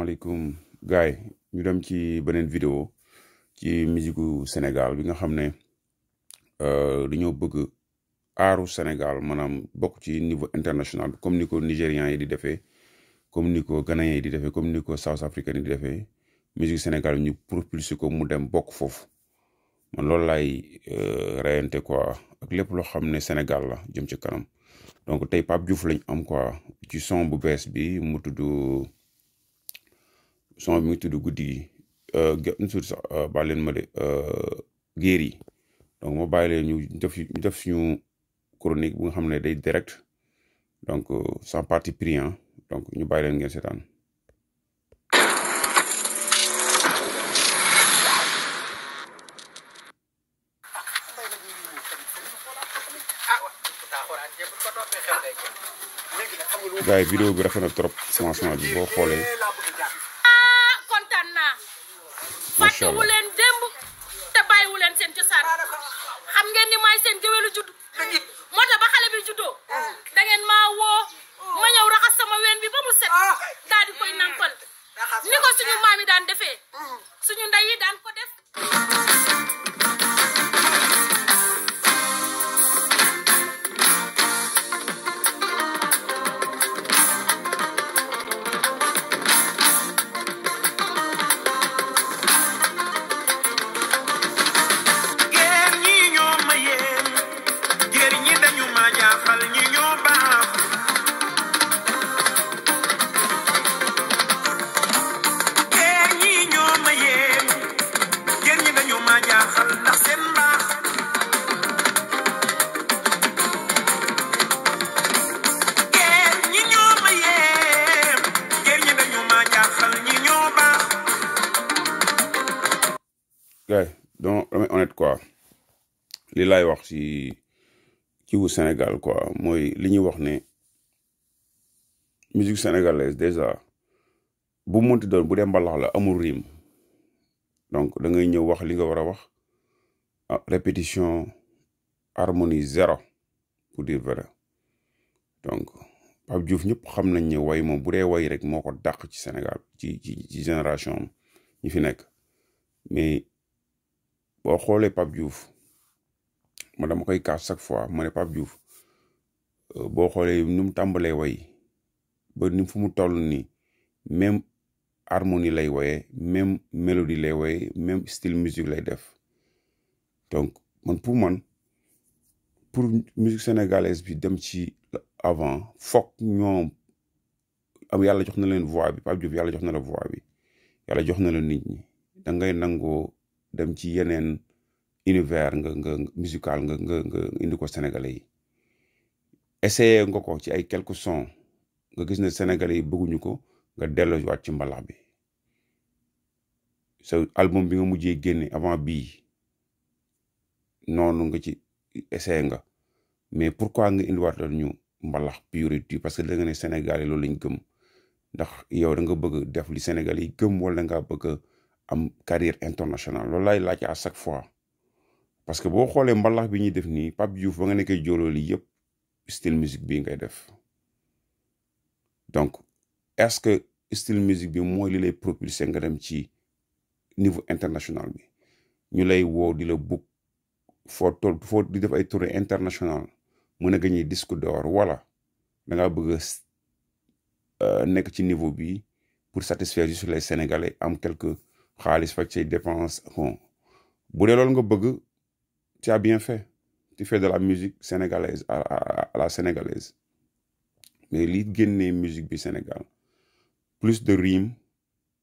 asalaamaaleykum gaay ñu dem ci beneen vidéo ci musique Sénégal bi nga xam ne euh, dañoo bëgg aaru Sénégal maanaam bokk ci niveau international comme ni ko nigérian yi di defee comme ni ko ghanéen yi di defee comme ni ko south africain yi di defee musique Sénégal ñu propulsé ko mu dem bokk foofu man loolu laay euh, rayante quoi ak lépp loo xam ne Sénégal la jëm ci kanam donc tey Pape Diouf lañ am quoi ci son bu bees bi mu tudd. son bi mu ngi tudd guddi gi suuf euh, sax euh, baal leen ma de euh, géer yi donc ma bàyyi leen ñu def ñu suñu chronique bu nga xam ne day direct donc sans partie pris donc ñu bàyyi leen ngeen seetaan. gars yi bi rafet na trop commencement bi boo xoolee. fàttewu leen démb te leen seen cosaan xam ngeen ni maay seen géwélu judd moo tax ba xale bi juddoo da ngeen maa ma sama ween bi ba mu set daal di koy suñu maam yi daan defee suñu ndey yi daan ko def li wax si kiwu senegal quoi mooy li ñuy wax ne musique sénégalaise déjà bu mënti doon bu dee mbalax la amul rime donc da ngay ñëw wax li nga war a wax ah, répétition harmonie zéro pour dire vrai donc juuf Diouf ñëpp xam nañ ne way moom bu dee way rek moo ko dàq ci Sénégal ci ci ci génération ñi fi nekk mais boo xoolee Pape juuf ma dama koy kaas chaque fois ma pab Pape Diouf euh, boo xoolee ni mu tàmbalee way ba ni fu mu toll nii même harmonie lay woyee même mélodie lay woyee même style musique lay def donc man pour man pour musique sénégalaise bi dem ci avant foog ñoom am yàlla jox na leen voix bi Pape Diouf yàlla jox na la voix bi yàlla jox na la nit ñi da ngay nangoo dem ci yeneen univers nga nga musical nga nga nga indi ko sénégalais yi nga ko ci ay quelques sons nga gis ne sénégalais yi bëgguñu ko nga dellowaat ci mbalax bi sa album bi nga mujj génne avant bii noonu nga ci essayé nga mais pourquoi nga indiwaat ñu mbalax pur et dur parce que da nga ne sénégalais loolu lañ gëm ndax yow da nga bëgg def li sénégalais yi gëm wala nga ngaa bëgg am carrière internationale loolu laay laaj à chaque fois parce que boo xoolee mbalax bi ñuy def nii Pape Diouf ba nga nekkee jooloo lii yëpp style musique bii ngay def donc est-ce que style musique bi mooy li lay propulser nga dem ci niveau international bi ñu lay woo di la book foo toll di def ay tournée international mën a gagné disque door wala da ngaa bëgg euh, nekk ci niveau bi pour satisfaire juste les sénégalais am quelque xaalis faj say dépense bu dee loolu nga bëgg. tu as bien fait tu fais de la musique sénégalaise à, à, la sénégalaise mais li génnee musique bi Sénégal plus de rime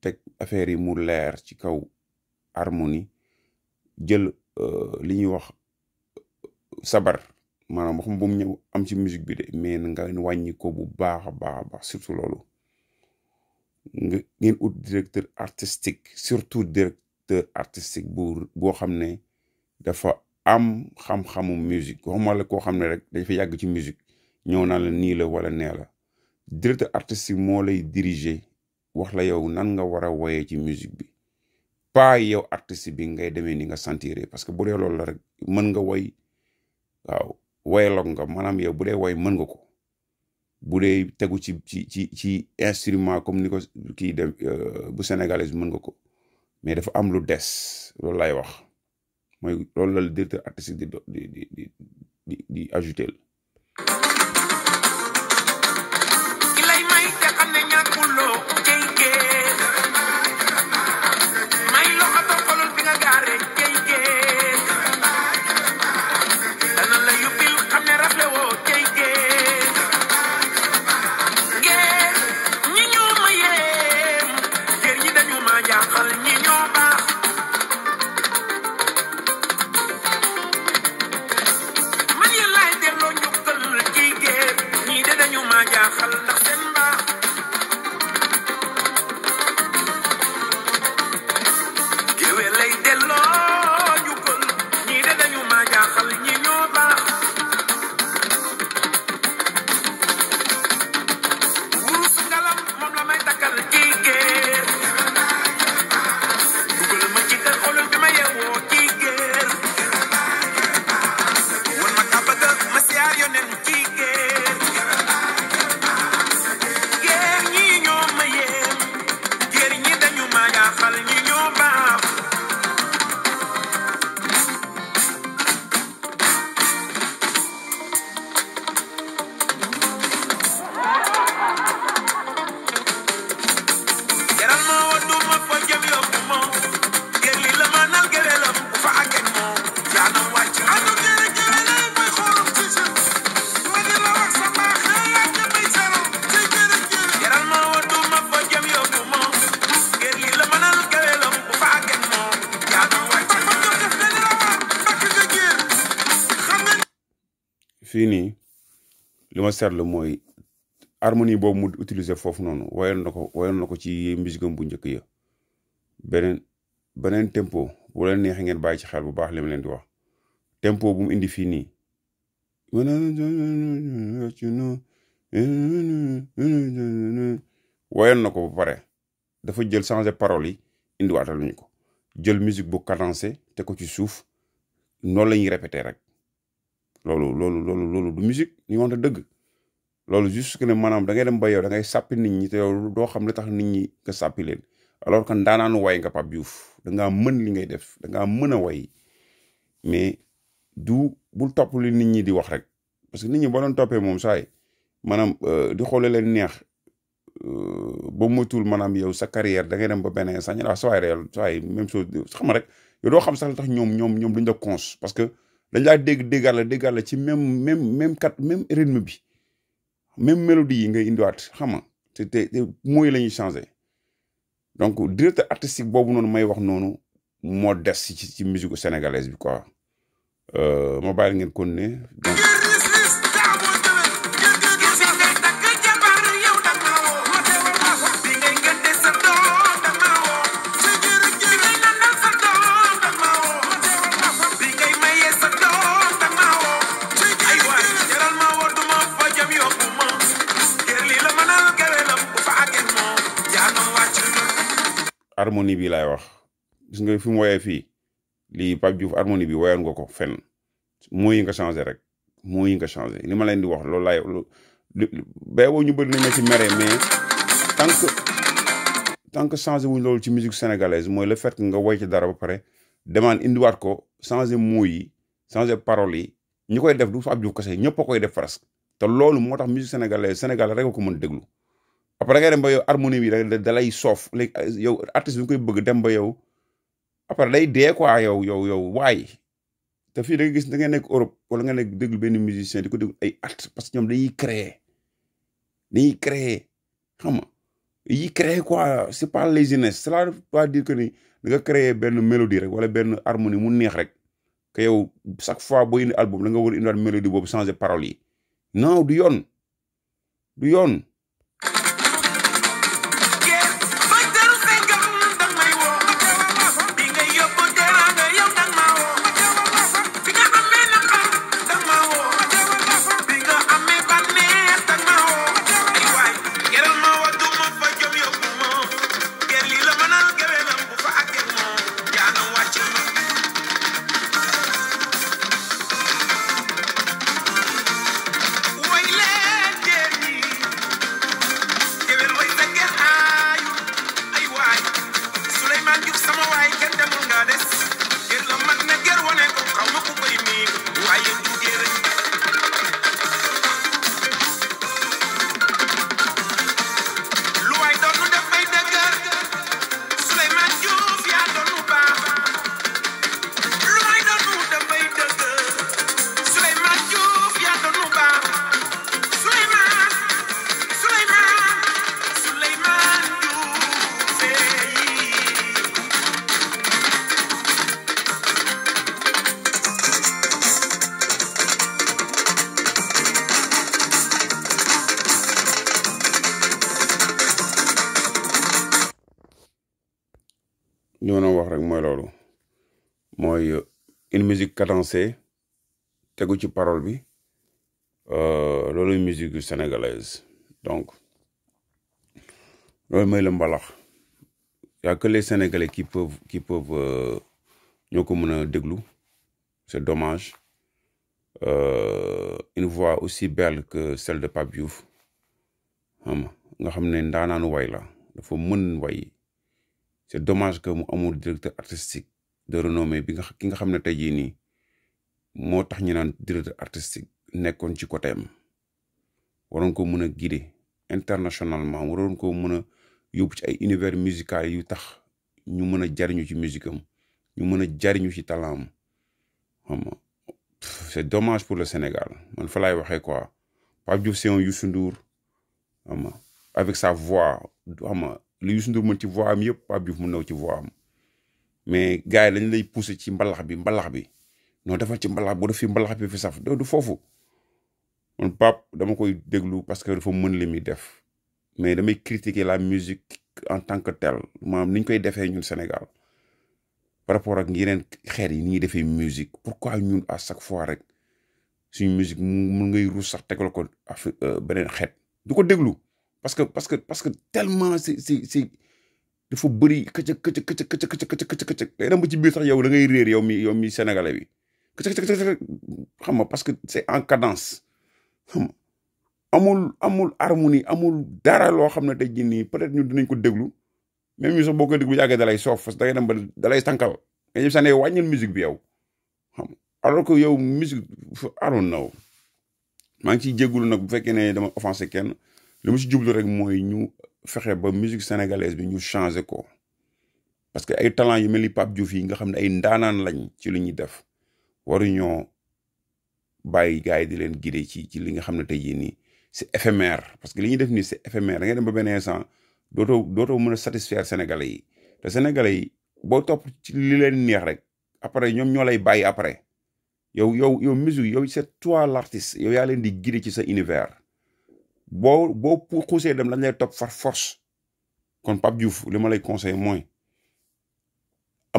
teg affaire yi mu leer ci kaw harmonie jël euh, li ñuy wax euh, sabar maanaam waxum mu ñëw am ci musique bi de mais nga wàññi ko bu baax a baax a baax surtout loolu nga ngeen ut directeur artistique surtout directeur artistique bu boo xam ne dafa am xam-xamu musique waxuma la koo xam ne rek dañ fa yàgg ci musique ñëw naa la nii la wala nee la directeur artistique moo lay diriger wax la yow nan nga war a woyee ci musique bi pas yow artiste bi ngay demee ni nga sentiré parce que bu dee loolu la rek mën nga woy waaw woyaloog nga maanaam yow bu dee woy mën nga ko bu dee tegu ci ci ci ci instrument comme ni ko kii de euh, bu sénégalais mën nga ko mais dafa am lu des loolu lay wax My role la directeur artistique di de di ya khalla ma seetlu mooy harmonie boobu mu utiliser foofu noonu woyoon na ko woyoon na ko ci musikam bu njëkk ya beneen beneen tempo bu leen neexee ngeen bàyyi ci xel bu baax li ma leen di wax tempo bu mu indi fii nii woyoon na ko ba dafa jël changé parole yi indiwaatal ñu ko jël musique bu cadencé te ko ci suuf noonu la ñuy répété rek loolu loolu loolu loolu du musique ñu wante loolu juste que ne maanaam da ngay dem ba yow da ngay sàppi nit ñi te yow do xam li tax nit ñi ke sàppi leen alors que nu way nga Pape Diouf da nga mën li ngay def da nga mën way mais du bul top li nit ñi di wax rek parce que nit ñi bo don topé mom say manam euh, di xolé leen neex euh, bo motul manam yow sa carrière da ngay dem ba benen sañ la ne ah, réel saa même chose xam rek yow do xam sax tax ñom ñom ñom duñ la cons parce que dañ la dégg dégal la dégal la ci même même même kat même rythme bi. même mélodie yi nga indiwaat xam nga te te mooy la ñuy changé donc directeur artistique boobu noonu may wax noonu moo des ci ci musique sénégalaise bi quoi euh, ma bàyyi ngeen kon ne donc harmonie bi laay wax gis nga fi mu woyee fii lii Pape Diouf harmonie bi woyoon nga ko fenn moo yi nga changé rek moo yi nga changé li ma leen di wax loolu laay bay boo ñu bëri nañ ma ci mere mais tant que tant que changé wuñ loolu ci musique sénégalaise mooy le fait que nga woy ci dara ba pare demande indiwaat ko changé moo yi changé paroles yi ñu koy def du Pape Diouf kese ñëpp a koy def presque te loolu moo tax musique sénégalaise Sénégal rek a ko mën déglu après da ngay dem ba harmonie bi da da lay soof léegi yow artiste bi nga koy bëgg dem ba yow après day dee quoi yow yow yow waay te fii da nga gis da nga nekk Europe wala nga musicien ay art parce que ñoom dañuy créer dañuy créer xam nga dañuy créer quoi c'est pas ah, laziness cela tuh ada pas dire que ni da nga créer benn mélodie rek wala benn harmonie mu neex rek que yow chaque fois indi album da nga war a indiwaat mélodie boobu changer paroles yi non du du une musique cadencée tegu goûté parole bi une euh, musique sénégalaise donc loolu mooy la Il y a que les sénégalais qui peuvent qui peuvent euh, nous comme c'est dommage euh, une voix aussi belle que celle de Pape Diouf sais, nga way la dafa c'est dommage que mon amour directeur artistique de renommée bi nga ki nga xam ne tey jii nii moo tax ñu naan directeur artistique nekkoon ci côté am waroon ko mun a guider internationalement waroon ko mën a yóbbu ci ay univers musical yu tax ñu mën a jariñu ci musique am ñu mën a jariñu ci talent am xam nga c'est dommage pour le Sénégal man fa laay waxee quoi Pape Diouf c'est un Youssou Ndour avec sa voix xam nga li Youssou Ndour mën ci voix am yëpp Pape Diouf mën na ci voix am mais gars yi lañu lay pousser ci mbalax bi mbalax bi noo defa ci mbalax bu def fi mbalax bi fi saf doo du foofu man Pape dama koy déglu parce que dafa mën li muy def mais damay critiquer la musique en tant que telle maanaam ni ñu koy defee ñun Sénégal par rapport ak yeneen xeet yi ni ñuy defee musique pourquoi ñun à chaque fois rek suñu musique mu ngay ru sax tegal ko euh, beneen xeet du ko déglu parce que parce que parce que tellement c'est si dafa bëri këcëg këcëg këcëg këcëg këcëg këcëg këcëg day dem ba ci biir sax yow da ngay réer yow mi yow mi sénégalais bi këcëg këcëg këcëg xam nga parce que c'est en cadence xam nga amul amul harmonie amul dara loo xam ne tey jii nii peut-être ñun dinañ ko déglu même ñu sax boo koy déglu yàggee da lay soof parce que da ngay dem ba da lay tànkal nga jëm sax ne wàññil musique bi yow xam alors que yow musique I don't know maa ngi ciy jégalu nag bu fekkee ne dama offensé kenn li ma si jublu rek mooy ñu fexe ba musique sénégalaise bi ñu changer ko parce que ay talent yu meli pap Pape Diouf yi nga xam ay ndanan lañ ci li ñi def waru bàyyi bay gaay di leen guidé ci ci li nga xam tay yi ni c'est éphémère parce que li ñi def ni c'est éphémère nga dem ba benen instant doto doto mëna satisfaire sénégalais yi te sénégalais yi bo top ci li leen neex rek après ñom ñolay bay après yow yow yow musique yow c'est toi l'artiste yow ya leen di guidé ci sa univers boo boo xuusee dem lañ lay topp far force kon Pape Diouf li ma lay conseil mooy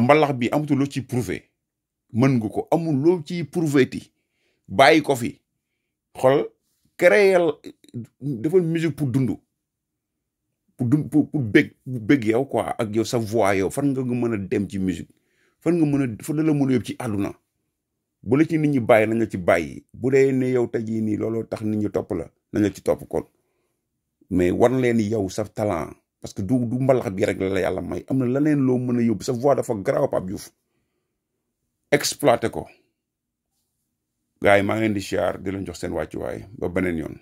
mbalax bi amatul loo ciy prouver mën nga ko amul loo ciy prouver ti bàyyi ko fi xool créer defal musique pour dund pour dund pour pour bég bég yow quoi ak yow sa voix yow fan nga mën a dem ci musique fan nga mën a fan la mën a yóbbu ci àdduna bu la ci nit ñi bàyyi nañ la ci bàyyi bu dee ne yow tey jii nii looloo tax nit ñi topp la. na la ci topp kon mais war leen yow sa talent parce que du du mbalax bi rek la la yàlla may am na leneen loo mën a yóbbu sa voix dafa garaaw Pape Diouf exploité ko gars yi maa ngi leen di siyaar di leen jox seen wàccuwaay ba beneen yoon.